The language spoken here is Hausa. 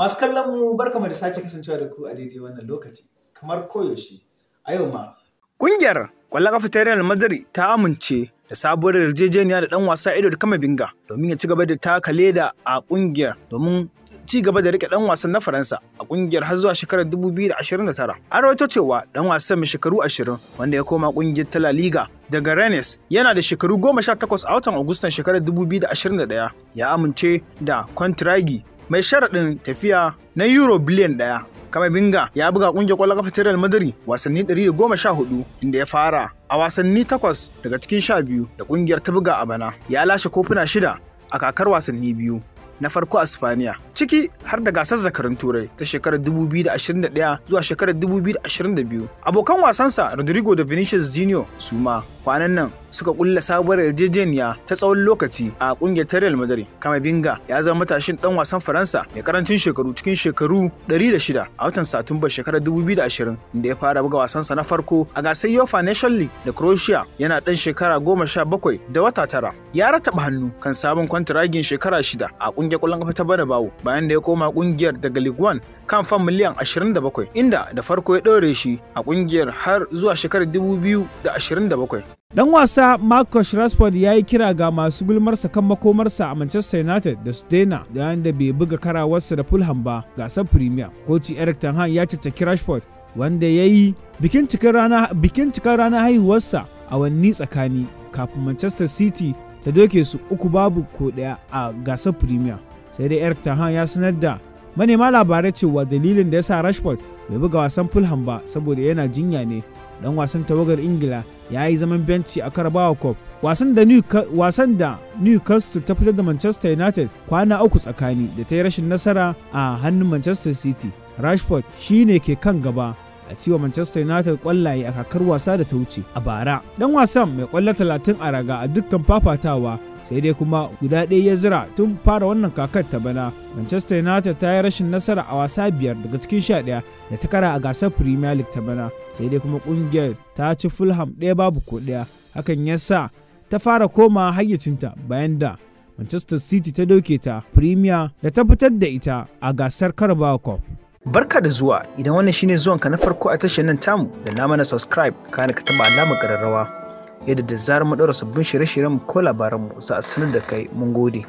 Masu kallon mu barkamu da sake kasancewa da ku a daidai wannan lokaci, kamar koyaushe, a yau ma. Ƙungiyar kwallon kafa ta Real Madrid ta amince da sabuwar yarjejeniya da ɗan wasa Edo da Binga domin ya ci gaba da taka leda a ƙungiyar domin ci gaba da rike dan wasan na Faransa a ƙungiyar har zuwa shekarar 2029. An rawaito cewa ɗan wasan mai shekaru 20 wanda ya koma ƙungiyar ta La Liga daga Rennes yana da shekaru goma 18 a watan Agustan shekarar 2021 ya amince da Kontragi mai sharaɗin tafiya na euro biliyan ɗaya. binga ya buga ƙungiyar ƙwallon kafa ta Real Madrid wasanni 114 inda ya fara a wasanni takwas daga cikin 12, da ƙungiyar ta buga a bana ya lashe kofuna shida a kakar wasanni biyu na farko a Spaniya, ciki har da gasar Zakarin Turai ta shekarar 2021 zuwa shekarar 2022. Abokan wasansa Rodrigo da Vinicius Junior su ma kwanan nan suka kulla sabuwar yarjejeniya ta tsawon lokaci a kungiyar ta Real Madrid. binga ya zama matashin dan wasan Faransa mai karancin shekaru cikin shekaru 106 a watan Satumba shekarar 2020 inda ya fara buga wasansa na farko a gasar UEFA Nation League da Croatia yana dan shekara 17 da wata tara. Ya rataba hannu kan sabon kwantiragin shekara shida a kungiyar kwallon kafa ta bawo bayan da ya koma kungiyar daga League 1 kan fan miliyan 27 inda da farko ya ɗore shi a kungiyar har zuwa shekarar 2027. Dan wasa Marcus Rashford ya yi kira ga masu gulmarsa kan makomarsa a Manchester United da su daina da da bai buga karawarsa da Fulham ba gasar Premier. Koci Eric Ten Hag ya caccaki Rashford wanda ya yi bikin cikar ranar haihuwarsa a awanni tsakani kafin Manchester City ta doke su uku babu ko daya a gasar Premier. Sai dai Eric Ten Hag ya sanar da manema labarai cewa dalilin da ya sa Rashford bai buga wasan Fulham ba saboda yana jinya ne dan wasan tawagar ingila ya yi zaman benci a carabao cup wasan da newcastle ta fitar da manchester united kwana uku tsakani da ta yi rashin nasara a hannun manchester city rashford shine ke kan gaba a cewa Manchester United kwallaye a kakar wasa da ta wuce a bara. Dan wasan mai kwallo 30 a raga a dukkan fafatawa sai dai kuma guda ɗaya ya zira tun fara wannan kakar ta bana manchester united ta yi rashin nasara a wasa biyar daga cikin sha ɗaya da ta kara a gasar premier league ta bana sai dai kuma ƙungiyar ta ci fulham ɗaya babu ko ɗaya hakan ya sa ta fara koma hayyacinta bayan da manchester city ta doke ta premier da ta fitar da ita a gasar carabao cup Barka da zuwa idan wannan shine zuwanka na farko a tashar nan tamu da na mana subscribe kana ka taba alamar kararrawa yadda da zarar mu ɗaura sabbin shirye-shiryen ko labaranmu za a sanar da kai mun gode